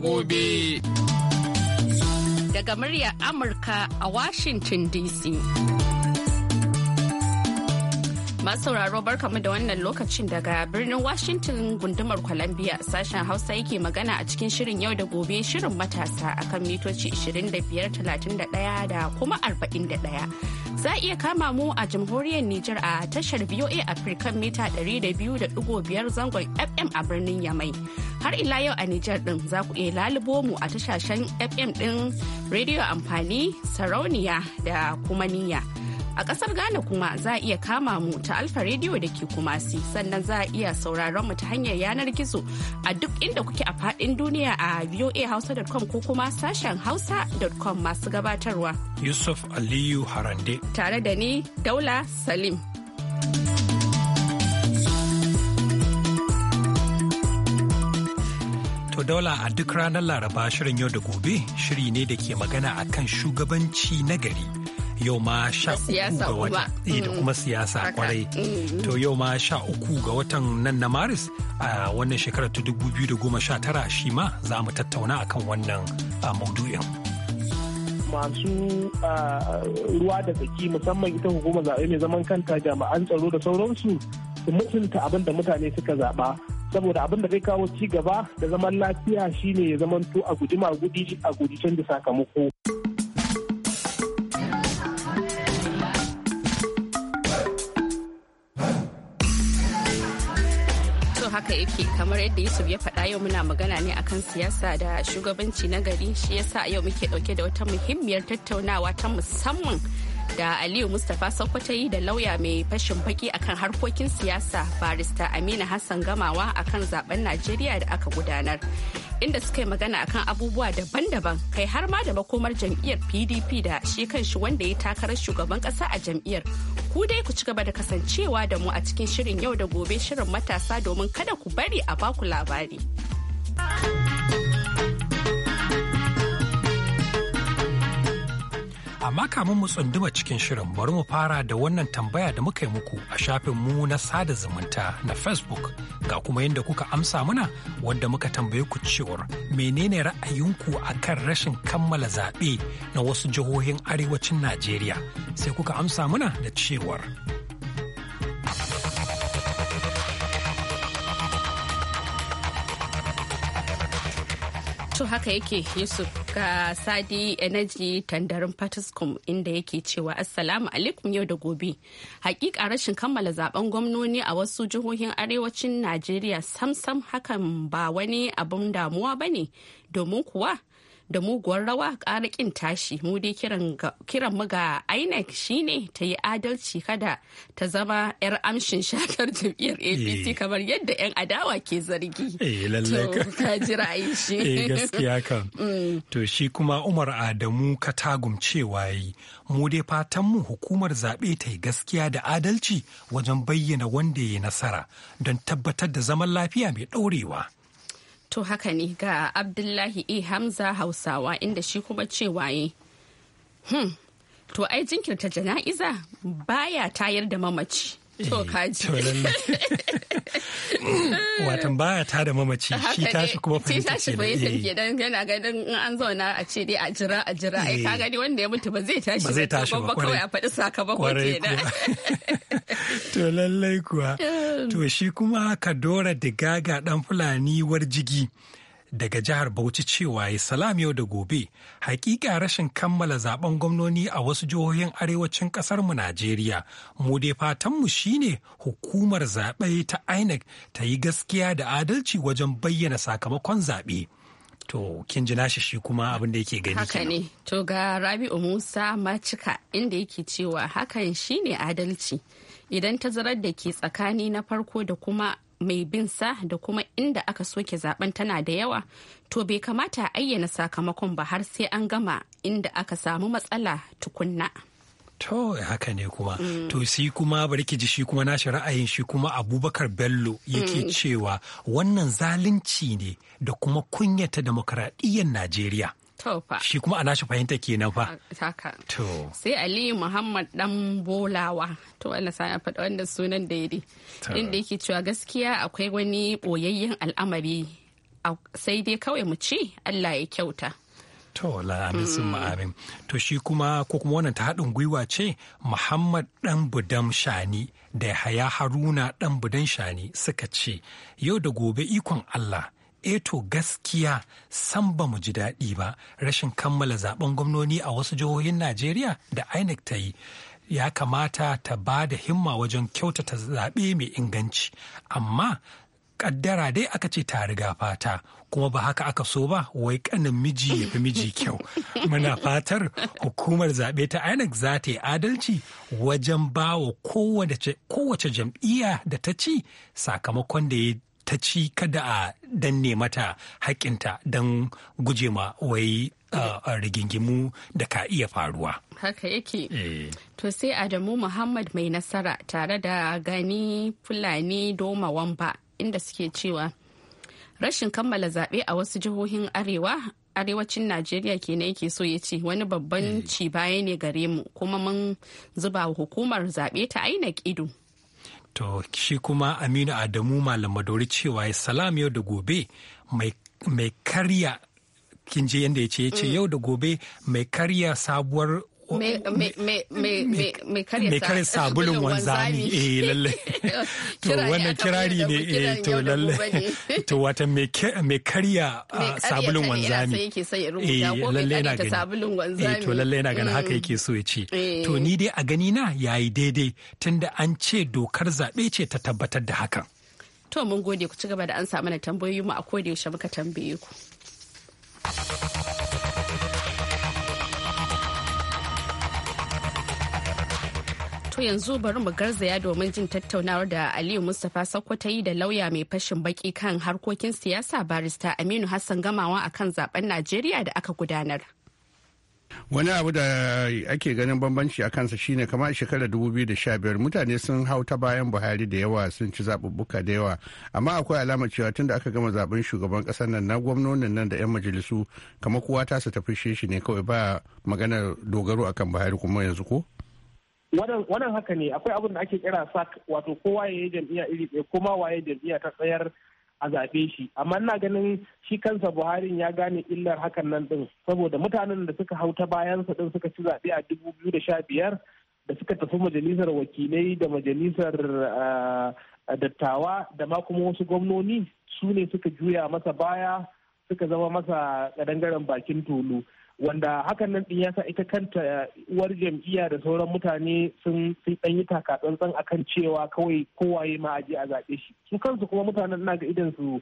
gobe. Daga muryar Amurka a Washington DC. Masu sauraro barkamu da wannan lokacin daga birnin Washington gundumar Columbia sashen Hausa yake magana a cikin shirin yau da gobe shirin matasa akan mitoci 25, 31 da kuma 41. Za a iya kama mu a jamhuriyar Nijar a tashar VOA Africa mita 200.5 zangon FM a birnin Yamai. Har ila yau a Nijar din za ku iya lalubo mu a tashashen FM din rediyo amfani sarauniya da kuma niyya. A ƙasar Ghana kuma za a iya kama mu ta Alfa rediyo da ke Kumasi sannan za a iya sauraron mu ta hanyar yanar gizo a duk inda kuke a fadin duniya a voahausa.com ko kuma sashen hausa.com masu gabatarwa. Yusuf Aliyu Harande. Tare da ni Daula Salim. To daula a duk ranar Laraba shirin yau da gobe shiri ne da ke magana akan kan shugabanci nagari yau ma sha uku ga wata eh, da kuma mm. siyasa kwarai mm. to yau ma sha uku ga watan nan na maris a wannan shekarar ta dubu biyu da goma sha tara shi ma za mu tattauna akan wannan maudu'in. masu ruwa da tsaki musamman ita hukumar zaɓe mai zaman kanta jama'an tsaro da sauransu su mutunta abin da mutane suka zaɓa saboda abin da zai kawo ci gaba da zaman lafiya shine ya zamanto a guji magudi a guji canza sakamako. to haka yake kamar yadda yusuf ya faɗa yau muna magana ne akan siyasa da shugabanci na gari shi yasa yau muke ɗauke da wata muhimmiyar tattaunawa ta musamman da aliyu mustapha sokoto yi da lauya mai fashin baki akan harkokin siyasa barista amina hassan gamawa akan zaben najeriya da aka gudanar inda suka yi magana akan abubuwa daban-daban kai har ma da makomar jam'iyyar pdp da shi kanshi wanda ya takarar shugaban kasa a jam'iyyar ku dai ku ci gaba da kasancewa da mu a cikin shirin yau da gobe shirin matasa domin kada ku bari a baku labari. Amma kamun mu tsunduma cikin shirin bari mu fara da wannan tambaya da muka yi muku a shafin mu na sada zumunta na Facebook ga kuma yadda kuka amsa muna wanda muka tambaye ku cewar menene ra'ayinku akan rashin kammala zaɓe na wasu jihohin arewacin Najeriya sai kuka amsa muna da cewar. To haka yake Yusuf ga Sadi Energy tandarin patiscom inda yake cewa Assalamu alaikum yau da gobe. Hakika rashin kammala zaben gwamnoni a wasu jihohin arewacin Najeriya samsam hakan ba wani abun damuwa ba ne domin kuwa da muguwar rawa ƙara ƙin tashi mu dai kiran mu ga inec shine ta yi adalci kada ta zama 'yar amshin shakar jam'iyyar apc eh. kamar yadda 'yan adawa ke zargi eh, to ka jira shi eh, gaskiya kan mm. to shi kuma umar adamu ka cewa yi mu dai fatan mu hukumar zaɓe ta yi gaskiya da adalci wajen bayyana wanda ya nasara don tabbatar da zaman lafiya mai ɗorewa. To haka ne ga Abdullahi E. Hamza Hausawa inda shi kuma cewa ye. Hmm, to ai jinkirta jana'iza baya tayar da mamaci. To eh, kaji. Watan baya ta da mamaci shi tashi kuma fahimta ce Shi iya. Shi dan yana ganin in an zauna a ce dai a jira a jira ai ka eh. gani wanda ya mutu ba zai tashi ba zai tashi ba kawai a faɗi sakamako kenan. To lallai kuwa. To shi kuma Kadora da Gaga dan Fulani warjigi. jigi. daga jihar Bauchi cewa ya salam yau da gobe, hakika rashin kammala zaben gwamnoni a wasu jihohin arewacin mu Najeriya. Mu dai fatanmu shine hukumar zaɓe ta INEC ta yi gaskiya da adalci wajen bayyana sakamakon zaɓe. To, kin ji nashi shi kuma abin da yake gani Haka ne, to ga Rabi'u Musa Macika inda yake cewa hakan shine adalci. Idan tazarar da ke tsakani na farko da kuma mai bin sa da kuma inda aka soke zaben tana da yawa to bai kamata a ayyana sakamakon ba har sai an gama inda aka samu matsala tukunna. To haka ne kuma. Mm. To si kuma bari ji shi kuma nashi ra'ayin shi kuma Abubakar Bello yake mm. cewa wannan zalunci ne da kuma kunyata demokradiyyar Najeriya. Shi kuma ana shi fahimta kenan fa. Taka. To. Sai Aliyu Muhammad dan Bolawa. To ya faɗa wannan sunan daidai. Inda yake cewa gaskiya akwai wani boyayyen al'amari sai dai kawai mu ci Allah ya kyauta. To la sun ma'amin. To shi kuma ko kuma wannan ta haɗin gwiwa ce Muhammad dan Budam Shani da Haya Haruna dan Budan Shani suka ce yau da gobe ikon Allah. eto eh gaskiya san ba mu ji daɗi ba rashin kammala zaben gwamnoni a wasu jihohin najeriya da inec ta yi ya kamata ta ba da himma wajen kyautata zaɓe mai inganci amma kaddara dai aka ce ta riga fata kuma ba haka aka so ba wai kanin miji ya fi miji kyau muna fatar hukumar zaɓe ta inec za ta yi adalci wajen ba wa kowace jam'iyya da ta ci sakamakon da ya ta ci kada a danne mata haƙƙinta don gujema wai rigingimu da ka iya faruwa. Haka yake. Eh. To sai Adamu Muhammad mai nasara tare da gani Fulani Doma Wamba inda suke cewa rashin kammala zaɓe a wasu jihohin Arewa arewacin najeriya kenan yake so ya ce wani babban eh. ci baya ne gare mu kuma mun zuba hukumar zaɓe ta ainihin ido To shi kuma Aminu Adamu Malam Madori cewa ya salam yau da gobe mai karya kinje je yadda yace ya ce mm. yau da gobe mai karya sabuwar mai karya sabulun wanzami eh lalle to wannan kirari ne eh to lalle to wata mai karya sabulun wanzami eh lalle na gani eh to lalle na gani haka mm. yake so ya ce eh. to ni dai a gani na yayi daidai tunda an ce dokar zaɓe ce ta tabbatar da hakan to mun gode ku ci gaba da an samu na tambayoyi mu a koda yaushe muka tambaye ku To yanzu bari mu garzaya domin jin tattaunawar da Aliyu Mustapha Sokoto yi da lauya mai fashin baki kan harkokin siyasa barista Aminu Hassan Gamawa akan zaben Najeriya da aka gudanar. wani abu da ake ganin bambanci a kansa shine kama a shekarar 2015 mutane sun hau ta bayan buhari da yawa sun ci zaɓuɓɓuka da yawa amma akwai alamar cewa tunda aka gama zaben shugaban ƙasar nan na gwamnonin nan da 'yan majalisu kama kowa ta su tafi shi ne kawai ba maganar dogaro akan buhari kuma yanzu ko wannan haka ne akwai abin da ake kira sak wato kowa ya yi jam'iyya iri ɗaya kuma waye jam'iyya ta tsayar a zaɓe shi amma ina ganin shi kansa buhari ya gane illar hakan nan din saboda mutanen da suka hau ta bayansa din suka ci zaɓe a dubu biyu da sha biyar da suka tafi majalisar wakilai da majalisar eh, dattawa da ma kuma wasu gwamnoni su ne suka juya masa baya suka zama masa ƙadangaren bakin tulu wanda hakan nan ɗin ya sa ita kanta uwar jam'iyya da sauran mutane sun ɗan yi tsantsan akan cewa kawai kowaye ma aje a zaɓe shi su kansu kuma mutanen na ga idan su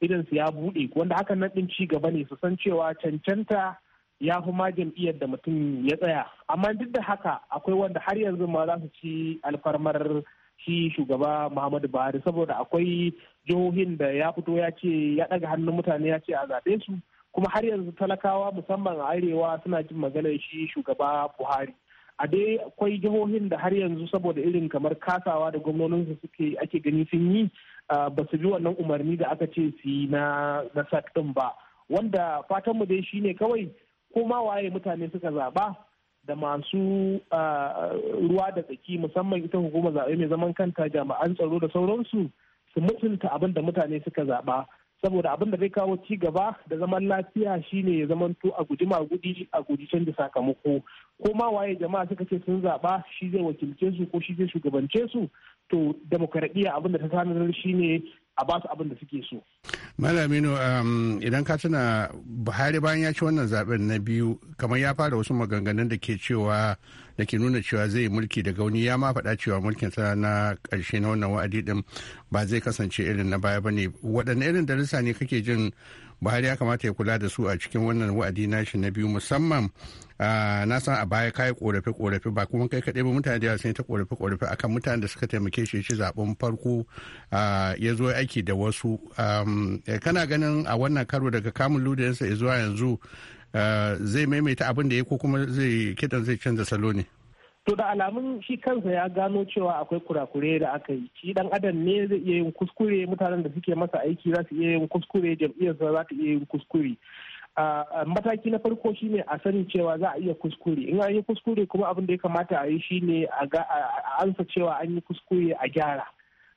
idan su ya buɗe wanda hakan nan ɗin ci gaba ne su san cewa cancanta ya fi ma jam'iyyar da mutum ya tsaya amma duk da haka akwai wanda har yanzu ma za su ci alfarmar shi shugaba muhammadu buhari saboda akwai jihohin da ya fito ya ce ya ɗaga hannun mutane ya ce a zaɓe su kuma har yanzu talakawa musamman a arewa suna jin maganar shi shugaba buhari a dai akwai jihohin da har yanzu saboda irin kamar kasawa da gwamnoninsu suke ake gani sun yi ba su bi wannan umarni da aka ce su yi na sak ɗin ba wanda fatanmu dai shine kawai ko ma waye mutane suka zaba da masu ruwa da tsaki musamman ita hukumar zaɓe mai zaman kanta jama'an tsaro da sauransu su mutunta abin da mutane suka zaɓa saboda abin da zai kawo ci gaba da zaman lafiya shine ya zamanto a guji magudi a guji canza sakamako ko ma waye jama'a suka ce sun zaba shi zai wakilce su ko shi zai shugabance su to demokaradiyya abin da ta sanar shine a ba su abin da suke so. Malamino um, idan ka tuna Buhari bayan ya ci wannan zaben na biyu kamar ya fara wasu maganganun da ke cewa da ke nuna cewa zai yi mulki daga wani ya ma faɗa cewa mulkin sa na ƙarshe na wannan wa'adi din ba zai kasance irin na baya ba ne waɗanne irin darussa ne kake jin buhari ya kamata ya kula da su a cikin wannan wa'adi nashi na biyu musamman na san a baya kai korafe korafe ba kuma kai kaɗai ba mutane da yawa sun ta korafe korafe akan mutanen da suka taimake shi shi zaben farko ya zo aiki da wasu eh, kana ganin a wannan karo daga kamun ludinsa zuwa yanzu Eh, zai maimaita abin da ya ko kuma zai kidan zai canza salo ne to da alamun shi kansa ya gano cewa akwai kurakure da aka yi shi dan adam ne zai iya yin kuskure mutanen da suke masa aiki za su iya yin kuskure sa za ta iya yin kuskure mataki na farko shine a sani cewa za a iya kuskure in an yi kuskure kuma abin da ya kamata a yi shine a ansa cewa an yi kuskure a gyara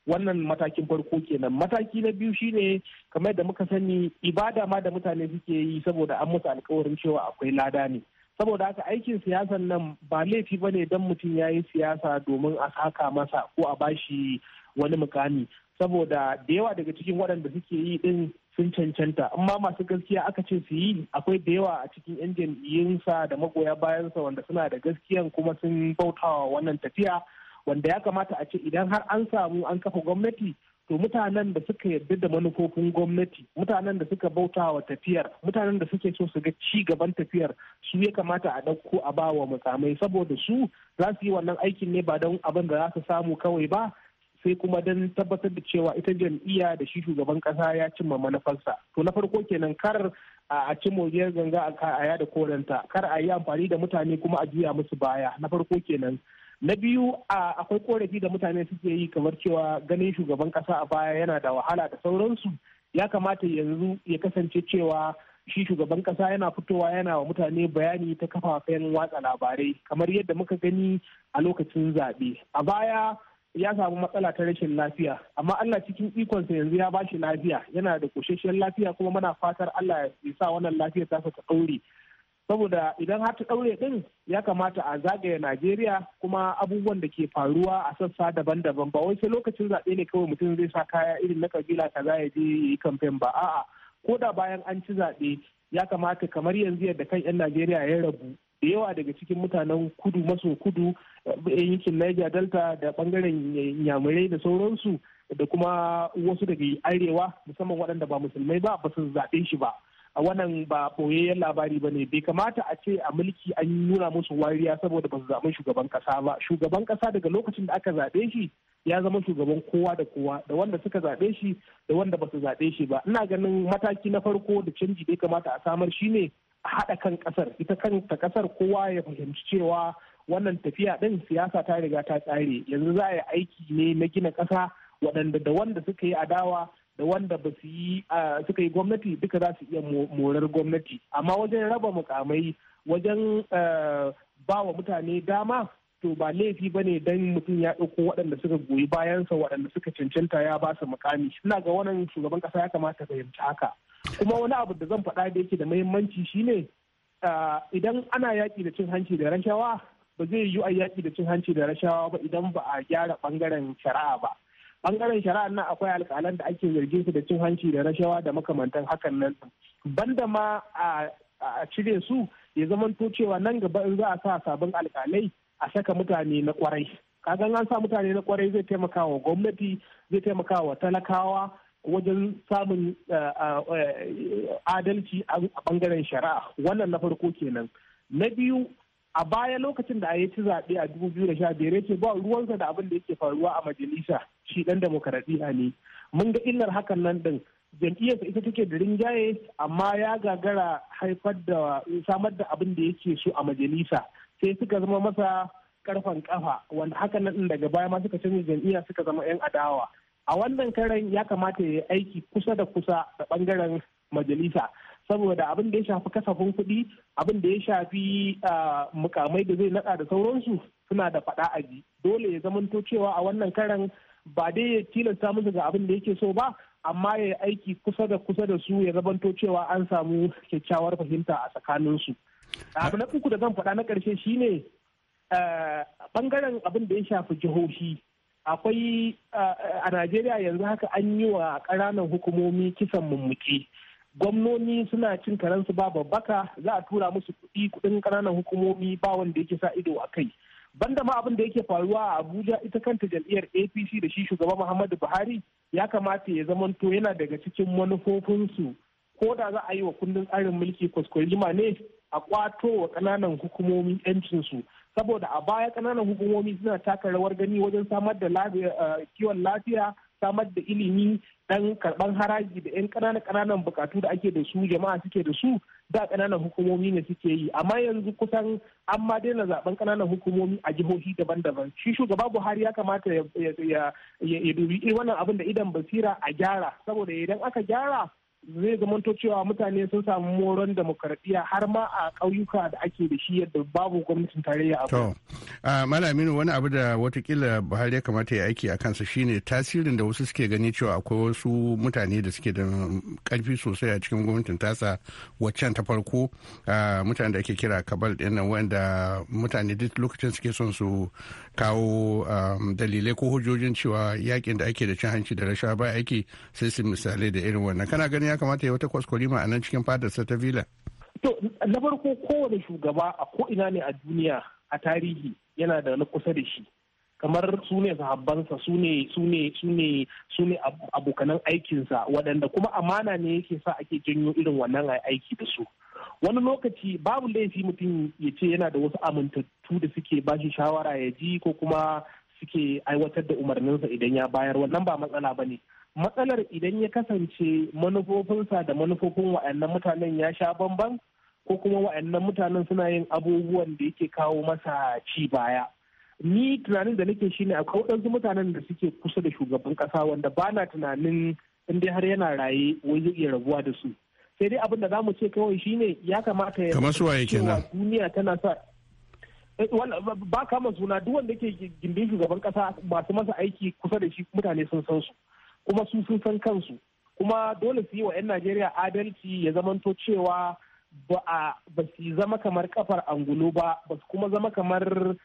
wannan matakin farko kenan mataki na biyu shine kamar da muka sani ibada ma da mutane suke yi saboda an musu alkawarin cewa akwai lada ne saboda haka aikin siyasan nan ba laifi ba ne don mutum ya yi siyasa domin a saka masa ko a bashi wani mukami saboda da yawa daga cikin waɗanda suke yi din sun cancanta amma masu gaskiya aka ce su yi akwai da yawa a cikin yan jam'iyyunsa da magoya bayansa wanda suna da gaskiyan kuma sun bautawa wannan tafiya wanda ya kamata a ce idan har an samu an kafa gwamnati to mutanen da suka yarda da manufofin gwamnati mutanen da suka bauta wa tafiyar mutanen da suke so su ga ci gaban tafiyar su ya kamata a ɗauko a ba wa mukamai saboda su za su yi wannan aikin ne ba don abin da za su samu kawai ba sai kuma don tabbatar da cewa ita jam'iyya da shi shugaban kasa ya cimma manufarsa to na farko kenan kar a ci moriyar ganga a yada koranta kar a yi amfani da mutane kuma a juya musu baya na farko kenan na biyu akwai korafi da mutane suke yi kamar cewa ganin shugaban kasa a baya yana da wahala da sauransu ya kamata yanzu ya kasance cewa shi shugaban kasa yana fitowa yana wa mutane bayani ta kafafen watsa labarai kamar yadda muka gani a lokacin zaɓe a baya ya samu matsala ta rashin lafiya amma Allah cikin ikonsa yanzu ya bashi lafiya yana da kusheshen lafiya kuma muna fatar Allah ya sa wannan lafiyar ta ta ɗaure saboda idan har ta ɗaure ɗin ya kamata a zagaya najeriya kuma abubuwan da ke faruwa a sassa daban-daban ba wai sai lokacin zaɓe ne kawai mutum zai sa kaya irin na kabila za ya je yi kamfen ba a'a ko da bayan an ci zaɓe ya kamata kamar yanzu yadda kan 'yan najeriya ya rabu da yawa daga cikin mutanen kudu maso kudu eh, yankin niger delta da bangaren nyamurai da sauransu da kuma wasu daga arewa musamman waɗanda ba musulmai ba ba su zaɓe shi ba A wannan ba ɓoyayyen labari ba ne bai kamata a ce a mulki an nuna musu wariya saboda ba su zaɓi shugaban ƙasa ba shugaban ƙasa daga lokacin da aka zaɓe shi ya zama shugaban kowa da kowa da wanda suka zaɓe shi da wanda ba su zaɓe shi ba ina ganin mataki na farko da canji Bai kamata a samar shi ne a haɗa kan ƙasar ita kanta ƙasar kowa ya fahimci cewa wannan tafiya ɗin siyasa ta riga ta tsare yanzu za a yi aiki ne na gina ƙasa waɗanda da wanda suka yi adawa da wanda ba su yi suka yi gwamnati duka za su iya morar gwamnati amma wajen raba mukamai wajen ba wa mutane dama to ba laifi ba ne don mutum ya ɗauko waɗanda suka goyi bayansa waɗanda suka cancanta ya ba su mukami ina ga wannan shugaban ƙasa ya kamata fahimci haka kuma wani abu da zan faɗa da yake da muhimmanci shine idan ana yaƙi da cin hanci da rashawa ba zai yiwu a yaƙi da cin hanci da rashawa ba idan ba a gyara ɓangaren shari'a ba bangaren shari'a nan akwai alƙalan da ake zargin su da cin hanci da rashawa da makamantan hakan nan banda ma a cire su ya zamanto cewa nan gaba in za a sa sabon alƙalai a saka mutane na kwarai kagan an sa mutane na kwarai zai taimaka wa gwamnati zai taimaka wa talakawa wajen samun eh, eh, eh, adalci a bangaren shari'a wannan na farko kenan na biyu a baya lokacin da a ya ci zaɓe a 2015 ya ce ba ruwansa da abin da yake faruwa a majalisa shi dan demokaradiyya ne mun ga illar hakan nan ɗin jam'iyyarsa ita take da rinjaye amma ya gagara haifar da samar da abin da yake so a majalisa sai suka zama masa karfan kafa wanda hakan nan daga baya ma suka canza jam'iyya suka zama 'yan adawa a wannan karen ya kamata ya yi aiki kusa da kusa da bangaren majalisa saboda abin da ya shafi kasafin kuɗi abin da ya shafi mukamai da zai naɗa da sauransu suna da faɗa a ji dole ya zamanto cewa a wannan karan ba dai ya tilasta musu ga abin da yake so ba amma ya yi aiki kusa da kusa da su ya zamanto cewa an samu kyakkyawar fahimta a tsakaninsu abu na uku da zan faɗa na ƙarshe shine bangaren abin da ya shafi jihohi akwai a najeriya yanzu haka an yi wa ƙananan hukumomi kisan mummuki gwamnoni suna cin karensu ba babbaka za a tura musu kuɗi kuɗin ƙananan hukumomi ba wanda yake sa ido a kai banda ma abin da yake faruwa a abuja ita kanta jam'iyyar apc da shi shugaba muhammadu buhari ya kamata ya zamanto yana daga cikin manufofinsu ko da za a yi wa kundin tsarin mulki kwaskwarima ne a kwato wa ƙananan hukumomi 'yancinsu saboda a baya ƙananan hukumomi suna taka rawar gani wajen samar da eh, kiwon lafiya samar da ilimi dan karban haraji da yan kananan kananan bukatu da ake da su jama'a suke da su da kananan hukumomi ne suke yi amma yanzu kusan an ma daina zaben kananan hukumomi a jihohi daban-daban shi shugaba buhari ya kamata ya dubi wannan abin da idan basira a gyara saboda idan aka gyara zai zamanto cewa mutane sun samu moron demokaratiya har ma a ƙauyuka da ake da shi yadda babu gwamnatin tarayya a to malaminu wani abu da watakila buhari ya kamata ya aiki a kansa shine tasirin da wasu suke gani cewa akwai wasu mutane da suke da karfi sosai a cikin gwamnatin tasa waccan ta farko mutane da ake kira kabal din nan wanda mutane duk lokacin suke son su kawo dalilai ko hujjojin cewa yakin da ake da cin hanci da rashawa ba aiki sai su misalai da irin wannan kana gani ya kamata ya wata kwaskwarima a nan cikin fadarsa ta villa to na farko kowane shugaba a ko ina ne a duniya a tarihi yana da na kusa da shi kamar su ne sahabbansa su su ne abokanan aikinsa waɗanda kuma amana ne yake sa ake janyo irin wannan aiki da su wani lokaci babu laifi mutum ya ce yana da wasu amintattu da suke ba shi shawara ya ji ko kuma suke aiwatar da umarninsa idan ya bayar wannan ba matsala ba ne matsalar idan ya kasance manufofinsa da manufofin wa'annan mutanen ya sha bamban ko kuma wa'annan mutanen suna yin abubuwan da yake kawo masa ci baya ni tunanin da nake shine akwai waɗansu mutanen da suke kusa da shugaban ƙasa wanda ba na tunanin in dai har yana raye wai zai iya rabuwa da su sai dai abin da za mu ce kawai shine ya kamata ya kamar su waye duniya tana sa eh, ba kama suna duk wanda ke gindin shugaban ƙasa masu masa aiki kusa da shi mutane sun san su kuma su sun san kansu kuma dole su yi wa 'yan najeriya adalci ya zamanto cewa ba su zama kamar kafar angulo ba ba su kuma zama kamar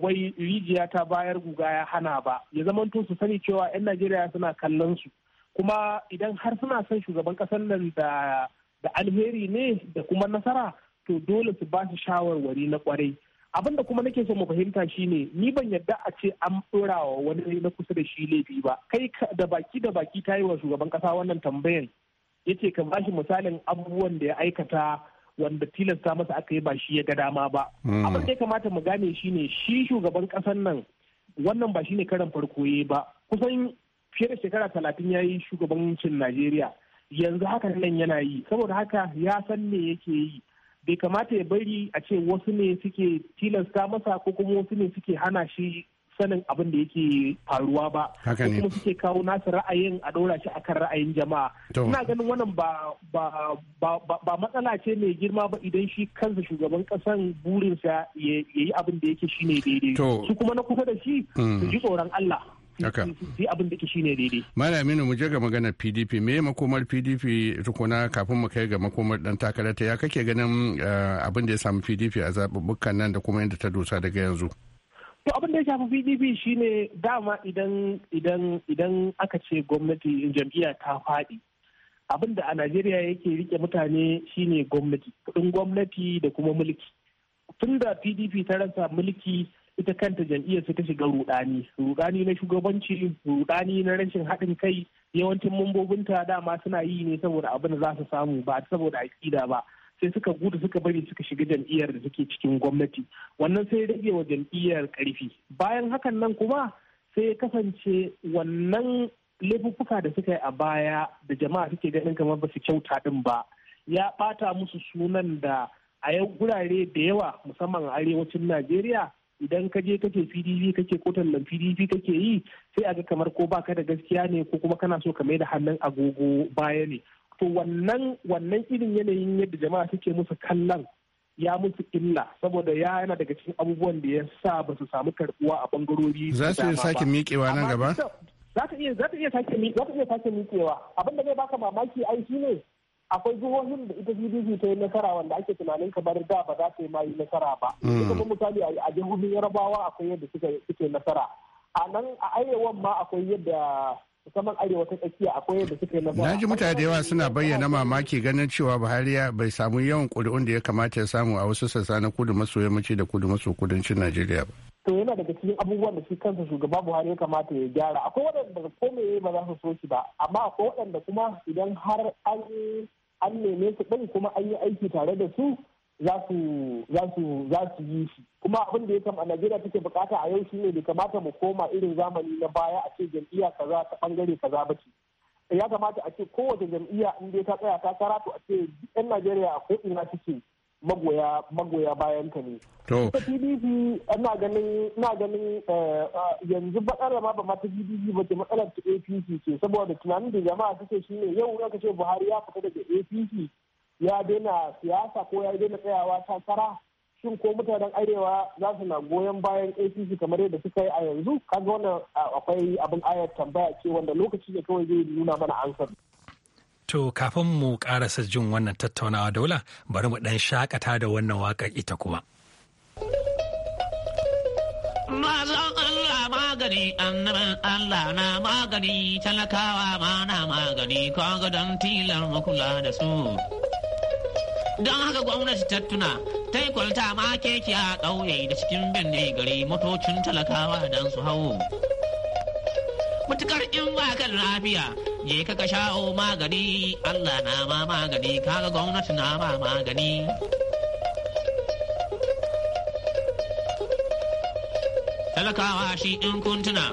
wai rijiya ta bayar guga ya hana ba ya zamanto su sani cewa 'yan najeriya suna kallon su kuma idan har suna son shugaban kasar nan da alheri ne da kuma nasara to dole su ba su shawarwari na kwarai abin da kuma nake so mu fahimta shine ni ban yadda a ce an dora wa wani na kusa da shi laifi ba kai da baki da baki ta yi wa shugaban kasa wannan tambayan yace ka bashi misalin abubuwan da ya aikata wanda tilasta masa aka yi ba shi ya ga dama ba hmm. abin da ya kamata mu gane shine shi shugaban kasan nan wannan ba shine karan farko yayi ba kusan fiye da shekara talatin ya yi shugabancin najeriya yanzu haka nan yana yi saboda haka ya san me yake yi bai kamata ya bari a ce wasu ne suke tilasta masa ko kuma wasu ne suke hana shi sanin abin da yake faruwa ba ko kuma suke kawo nasa ra'ayin a ɗora shi akan ra'ayin jama'a ina ganin wannan ba ba matsala ce mai girma ba idan shi kansa shugaban kasan burinsa ya yi abin da yake ne daidai su kuma na kusa da shi su mm. ji tsoron Allah sai abin da ke shine daidai aminu mu je ga maganar pdp me makomar pdp tukuna kafin mu kai ga makomar dan takarar ta ya kake ganin eh, abin da ya samu pdp a zaɓuɓɓukan nan da kuma yadda ta dosa daga yanzu to abin da ya shafi pdp shine dama idan idan idan aka ce gwamnati jam'iyya ta faɗi abin da a najeriya yake rike mutane shine gwamnati kuɗin gwamnati da kuma mulki tun da pdp ta rasa mulki ita kanta jam'iyyar su ta shiga rudani rudani na shugabanci rudani na rashin haɗin kai yawancin mambobinta dama suna yi ne saboda abin da za su samu ba saboda aƙida ba sai suka gudu suka bari suka shiga jam'iyyar da suke cikin gwamnati wannan sai rage wa jam'iyyar ƙarfi bayan hakan nan kuma sai kasance wannan laifuffuka da suka yi a baya da jama'a suke ganin kamar ba su kyauta din ba ya ɓata musu sunan da a yau gurare da yawa musamman a arewacin najeriya idan ka je kake pdp kake ko tallan pdp kake yi sai a ga kamar ko baka da gaskiya ne ko kuma kana so ka mai da hannun agogo baya ne to wannan wannan irin yanayin yadda jama'a suke musu kallon ya musu illa saboda ya yana daga cikin abubuwan da ya sa ba su samu karbuwa a bangarori za su iya sake miƙewa nan gaba za ta iya sake miƙewa abin da zai baka mamaki ai ne. akwai jihohin da ita pdp ta yi nasara wanda ake tunanin ka kamar da ba za ta yi ma yi nasara ba hmm. kuma misali a jihohin yarabawa akwai yadda suke nasara a nan a arewan ma akwai yadda musamman arewa ta tsakiya akwai yadda suke nasara na ji mutane da yawa suna bayyana mamaki ganin cewa buhari bai samu yawan ƙuri'un da ya kamata ya samu a wasu sassa na kudu maso yammaci da kudu maso kudancin najeriya ba to yana daga cikin abubuwan da shi kansa shugaba buhari ya kamata ya gyara akwai waɗanda ko me ba za su so shi ba amma akwai waɗanda kuma idan har an an neme su ɗin kuma an yi aiki tare da su za su yi shi kuma abin da ya kama a najeriya take bukata a yau shi ne bai kamata mu koma irin zamani na baya a ce jam'iyya kaza ta bangare kaza ba ce ya kamata a ce kowace jam'iyya in dai ta tsaya takara to a ce yan najeriya a ko'ina suke magoya bayan ta ne to ta PDP ina ganin ina ganin eh, ah, yanzu bakara ma ba ma ta ba ce matsalar ta APC ce saboda tunanin da jama'a suke ne yau aka ce Buhari ya fita daga APC ya daina siyasa ko ya daina tsayawa takara shin ko mutanen arewa za su na goyon bayan apc kamar yadda suka yi a yanzu kaga wannan ah, akwai abin ayar tambaya ce wanda lokaci ne kawai zai nuna mana ansar To kafin mu karasa jin wannan tattaunawa daula bari mu ɗan shakata da wannan waƙar ita kuma. Mazan Allah magani, annaban Allah na magani, talakawa ma na magani, kaga don tilar makula da su. Don haka gwamnati ta tuna, ta yi kwalta ma keke a ƙauye da cikin birni gari motocin talakawa don su hau. mutukar in ba lafiya je ka kasha sha'o magani Allah na ma magani kaga gwamnati na ma magani talakawa shi in kuntuna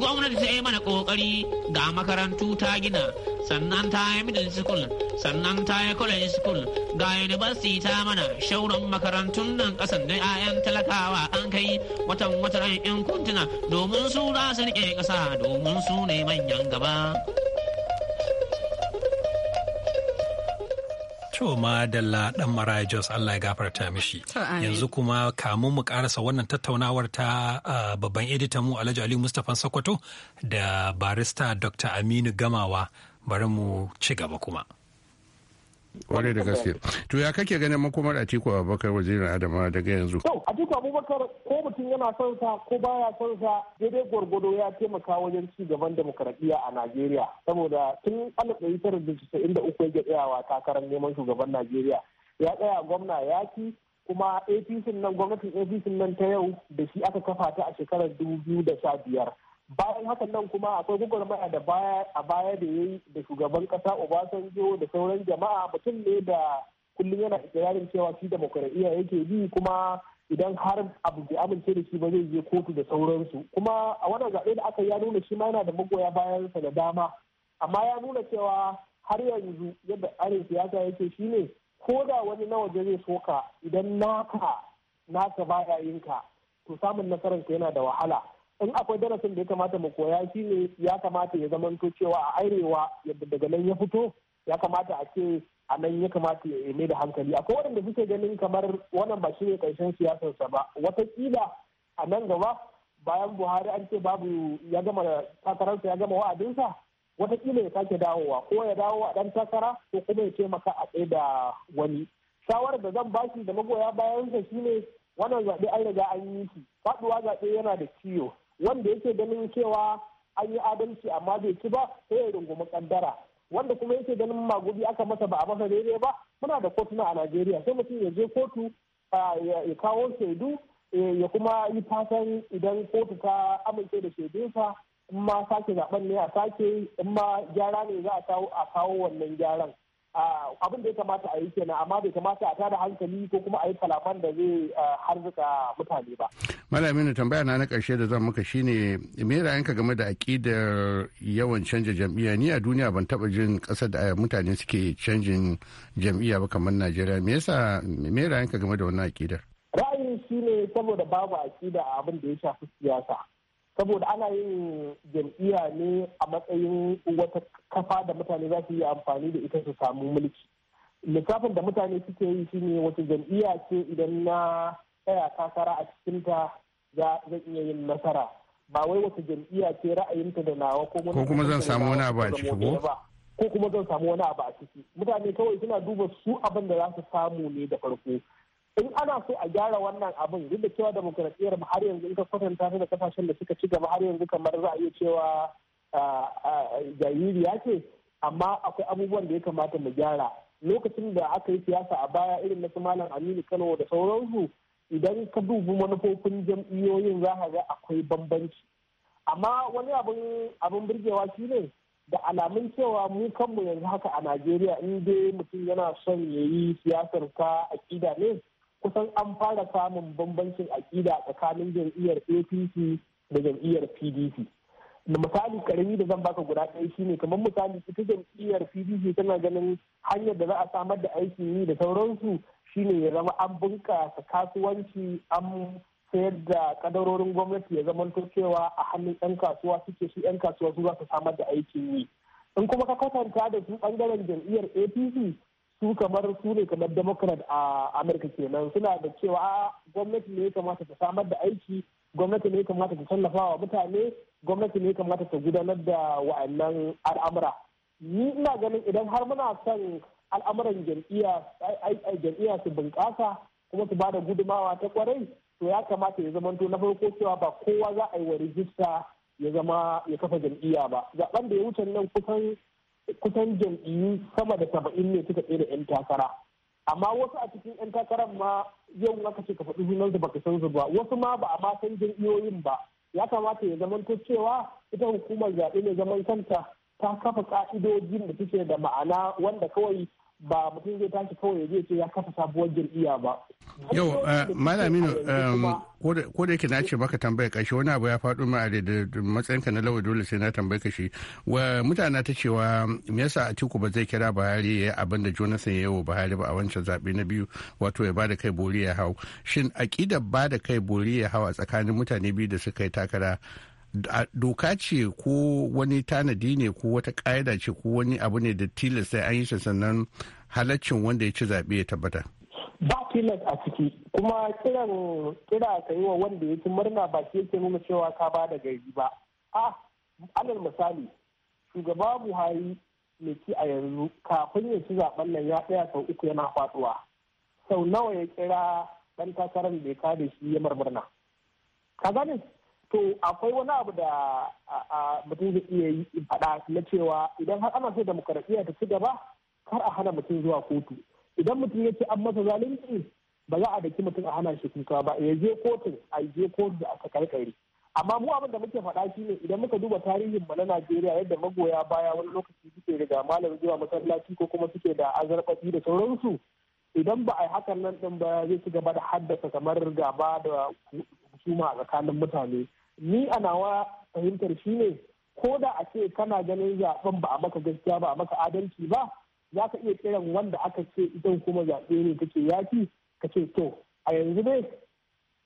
gwamnati ta yi mana kokari ga makarantu ta gina sannan ta yi middle school sannan ta yi college school ga university ta mana shauran makarantun nan kasan da 'ya'yan talakawa an kai watan watan yan kuntuna domin su za su rike kasa domin su ne manyan gaba ma da ɗan Maraya Jos Allah ya gafarta mishi. Yanzu kuma kamun mu karasa wannan tattaunawar ta babban editan mu Alhaji Ali Mustapha Sokoto da barista Dr. Aminu Gamawa bari mu ci gaba kuma. Ware da gaske. To ya kake ganin makomar Atiku Abubakar wazirin Adama daga yanzu? To Atiku Abubakar ko mutum yana son sa ko baya son sa daidai gwargwado ya taimaka wajen ci gaban demokaradiyya a Najeriya saboda tun 1993 yake tsayawa takarar neman shugaban Najeriya. Ya tsaya gwamna ya ci kuma APC nan gwamnatin APC nan ta yau da shi aka kafa ta a shekarar 2015. bayan hakan nan kuma akwai gwagwarmaya da baya a baya da yayi da shugaban kasa obasanjo da sauran jama'a mutum ne da kullum yana ikirarin cewa shi demokuraɗiyya yake bi kuma idan har abu bai amince da shi ba zai je kotu da sauransu kuma a wannan zaɓe da aka ya nuna shi ma yana da magoya bayan sa da dama amma ya nuna cewa har yanzu yadda tsarin siyasa yake shine ko da wani na waje zai soka idan naka naka baya yinka to samun nasararsa yana da wahala in akwai darasin da ya kamata mu koya shi ne ya kamata ya zamanto cewa a arewa yadda daga nan ya fito ya kamata a ce a nan ya kamata ya mai da hankali akwai waɗanda suke ganin kamar wannan ba shi ne ƙarshen siyasarsa ba watakila a nan gaba bayan buhari an ce babu ya gama takararsa ya gama wa'adinsa watakila ya sake dawowa ko ya dawo a ɗan takara ko kuma ya taimaka a tsaye da wani shawarar da zan bashi da magoya bayansa shine wannan zaɓe an riga an yi shi faɗuwa zaɓe yana da ciwo wanda yake ganin cewa an yi adalci amma bai ci ba sai ya rungumi kandara wanda kuma yake ganin magudi aka masa ba a masa daidai ba muna da kotuna a najeriya sai mutum ya je kotu ya kawo shaidu ya kuma yi fatan idan kotu ta amince da shaidunsa in ma sake zaben ne a sake in ma gyara ne za a kawo wannan gyaran abin da ya kamata a yi kenan amma bai kamata a tada hankali ko kuma a yi kalaman da zai harzuka mutane ba. Malamin tambaya na na karshe da zan maka shine me ra'ayinka game da aƙidar yawan canja jam'iyya ni a duniya ban taba jin ƙasar da mutane suke canjin jam'iyya ba kamar Najeriya me yasa me ra'ayinka game da wannan aƙidar? Ra'ayin shine saboda babu aƙida a abin da ya shafi siyasa. saboda ana yin jam'iyya ne a matsayin wata kafa da mutane za su yi amfani da ita su samu mulki lissafin da mutane suke yi shine wata jam'iyya ce idan na tsaya takara a cikinta zan iya yin nasara ba wai wata jam'iyya ce ra'ayinta da nawa ko kuma zan samu wani abu a ciki ko ko kuma zan samu wani abu a ciki mutane kawai suna duba su abin da za su samu ne da farko in ana so a gyara wannan abin duk da cewa demokuraɗiyyar mu har yanzu in ka kwatanta ta da kasashen da suka ci gaba har yanzu kamar za a iya cewa ya ce amma akwai abubuwan da ya kamata mu gyara lokacin da aka yi siyasa a baya irin na su malam aminu kano da sauransu idan ka dubi manufofin jam'iyyoyin za ka ga akwai bambanci amma wani abin abin burgewa shine da alamun cewa mu kanmu yanzu haka a najeriya in dai mutum yana son ya yi siyasar ka akida ne kusan an fara samun bambancin aƙida tsakanin jam'iyyar apc da jam'iyyar pdp da misali karami da zan baka guda ɗaya shine kamar misali ita jam'iyyar pdp tana ganin hanyar da za a samar da aikin yi da sauransu shine ya zama an bunƙasa kasuwanci an sayar da kadarorin gwamnati ya zama cewa a hannun 'yan kasuwa suke su 'yan kasuwa su za su samar da aikin yi in kuma ka kwatanta da su bangaren jam'iyyar apc su kamar su ne kamar democrat a amurka kenan suna da cewa gwamnati ne kamata ta samar da aiki gwamnati ne kamata ta tallafa wa mutane gwamnati ne kamata ta gudanar da wa'annan al'amura ni ina ganin idan har muna son al'amuran jam'iyya su bunƙasa kuma su ba da gudumawa ta kwarai to ya kamata ya zamanto na farko cewa ba kowa za a yi wa rijista ya zama ya kafa jam'iyya ba zaben da ya wuce nan kusan kusan jam'iyyu sama da saba'in ne suka tsere 'yan takara amma wasu a cikin 'yan takarar ma yau aka ce ka faɗi sunan da baka san su ba wasu ma ba a ma san jam'iyyoyin ba ya kamata ya zamanto cewa ita hukumar zaɓe ne zaman kanta ta kafa ka'idojin da suke da ma'ana wanda kawai ba mutum zai tashi kawai ya je ce ya kafa sabuwar jam'iyya ba. Yau, eh, Malamino, um, ko da yake na ce baka tambaya kashi wani abu ya faɗo ma da matsayinka na lawa dole sai na tambaya kashi. Wa mutane ta cewa me yasa Atiku ba zai kira Buhari ya abin da Jonathan ya yi wa Buhari ba a wancan zaɓe na biyu wato ya bada kai bori ya hau. Shin aƙidar bada kai bori ya hau a tsakanin mutane biyu da suka yi takara doka ce ko wani tanadi ne ko wata ƙa'ida ce ko wani abu ne da tilasta an yi shi sannan halaccin wanda ya ci zaɓe ya tabbata. Ba tilas a ciki kuma kiran kira ka yi wa wanda ya ci murna ba shi yake nuna cewa ka ba da gari ba. A alal misali shugaba Buhari mai ci a yanzu kafin ya ci zaɓen nan ya tsaya sau uku yana faɗuwa. Sau nawa ya kira ɗan takarar da ya kare shi ya marmurna. Ka gane to akwai wani abu da mutum zai iya yi faɗa na cewa idan har ana so demokaradiyya ta ci gaba kar a hana mutum zuwa kotu idan mutum ya ci an masa zalunci ba za a daki mutum a hana shi kuka ba ya je kotun a je kotu da aka karkare amma mu abin da muke faɗa shi ne idan muka duba tarihin mu na Najeriya yadda magoya baya wani lokaci suke daga malam zuwa masallaci ko kuma suke da azarbaɗi da sauransu idan ba a yi hakan nan din ba zai ci gaba da haddasa kamar gaba da husuma a tsakanin mutane ni a nawa fahimtar shi ne ko da a ce kana ganin zaben ba a maka gaskiya ba a maka adalci ba za ka iya kiran wanda aka ce idan kuma zaɓe ne kake yaki ka ce to a yanzu dai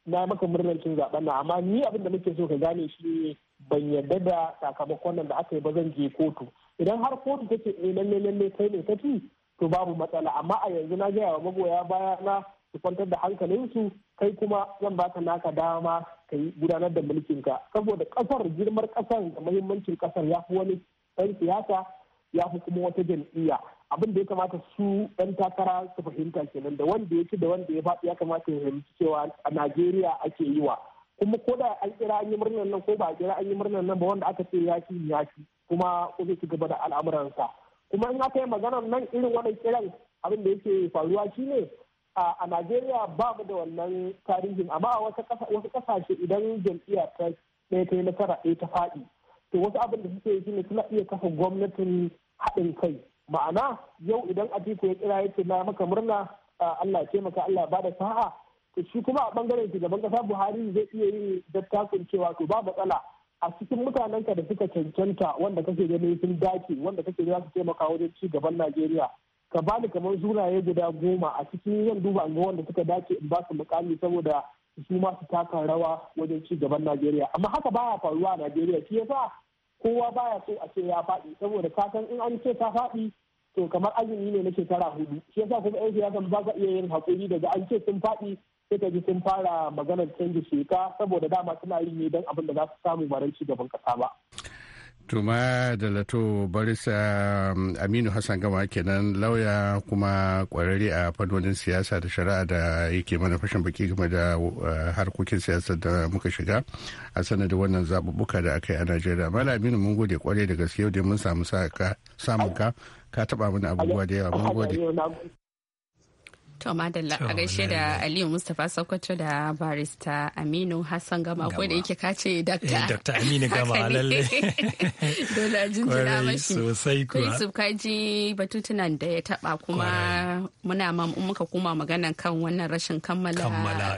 na maka murnar cin zaɓen na amma ni abin da muke so ka gane shi ne ban yarda da sakamakon nan da aka yi ba zan je kotu idan har kotu take ne eh, lalle lalle kai ne kaci to babu matsala amma a yanzu na gaya wa magoya baya na su kwantar da hankalinsu kai kuma zan baka naka dama ka yi gudanar da mulkinka saboda kasar girmar kasar da mahimmancin kasar ya fi wani ɗan siyasa ya fi kuma wata jam'iyya abin da ya kamata su ɗan takara su fahimta kenan da wanda ya ci da wanda ya faɗi ya kamata ya fahimci cewa a najeriya ake yi wa kuma ko da an kira an yi murnar nan ko ba a kira an yi murnar nan ba wanda aka ce ya ci ya ci kuma ko zai ci gaba da al'amuransa kuma in aka yi maganar nan irin wannan kiran abin da yake faruwa ne. a Najeriya ba mu da wannan tarihin amma a wasu kasashe idan jam'iyya ta ɗaya ta yi nasara ɗaya ta faɗi to wasu abin da suke yi ne suna iya kafa gwamnatin haɗin kai ma'ana yau idan Atiku ya kira ya ce na maka murna Allah ya taimaka Allah ya bada sa'a to shi kuma a bangaren shugaban kasa Buhari zai iya yin dattakun cewa to ba matsala a cikin mutanenka da suka cancanta wanda kake ganin sun dace wanda kake za su taimaka wajen ci gaban Najeriya ka ba ni kamar zuraye guda goma a cikin yan duba ga wanda suka dace in ba su mukami saboda su ma su taka rawa wajen ci gaban Najeriya amma haka baya faruwa a Najeriya shi yasa kowa baya so a ce ya faɗi saboda ka san in an ce ta faɗi to kamar azumi ne na shekara hudu shi yasa kuma yan siyasa ba za iya yin hakuri daga an ce sun faɗi sai ka ji sun fara maganar canji sheka saboda dama suna yi ne don abin da za su samu ba ci gaban kasa ba. Tuma da lato barisa um, Aminu Hassan Gama kenan lauya kuma kwararre a fannonin siyasa da shari'a da yake mana fashin baki game da uh, harkokin siyasa da muka shiga a sanadin wannan zaɓuɓɓuka da aka yi a Najeriya. Mala Aminu mun gode kwarai da gaske yau da mun samu samun ka ka taɓa mana abubuwa da yawa mun gode. To madalla a gaishe da Aliyu Mustapha Sokoto da barista Aminu Hassan Gama ko da yake ka ce eh, dakta. Dakta Aminu Gama lalle. Dole jinjina mashi. Sosai kuwa. Yusuf ka ji batutunan da ya taba kuma muna ma muka koma maganan kan wannan rashin kammala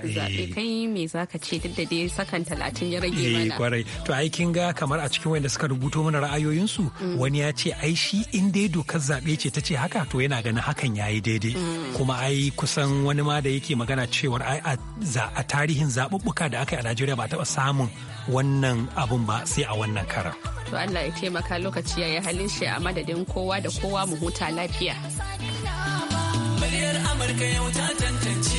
eh. zaɓe kai me zaka ce duk da dai sakan talatin ya rage eh, mana. Kwarai to ai kin ga kamar a cikin wanda suka rubuto mana ra'ayoyinsu mm. wani ya ce ai shi in dai dokar zaɓe ce ta ce haka to yana ganin hakan yayi daidai mm. kuma ai kusan wani ma da yake magana cewar a tarihin zaɓuɓɓuka da aka yi a najeriya ba taɓa samun wannan abun ba sai a wannan karan. to allah ya taimaka lokaci ya yi halin shi a madadin kowa da kowa mu huta lafiya. Muryar Amurka yau ta tantance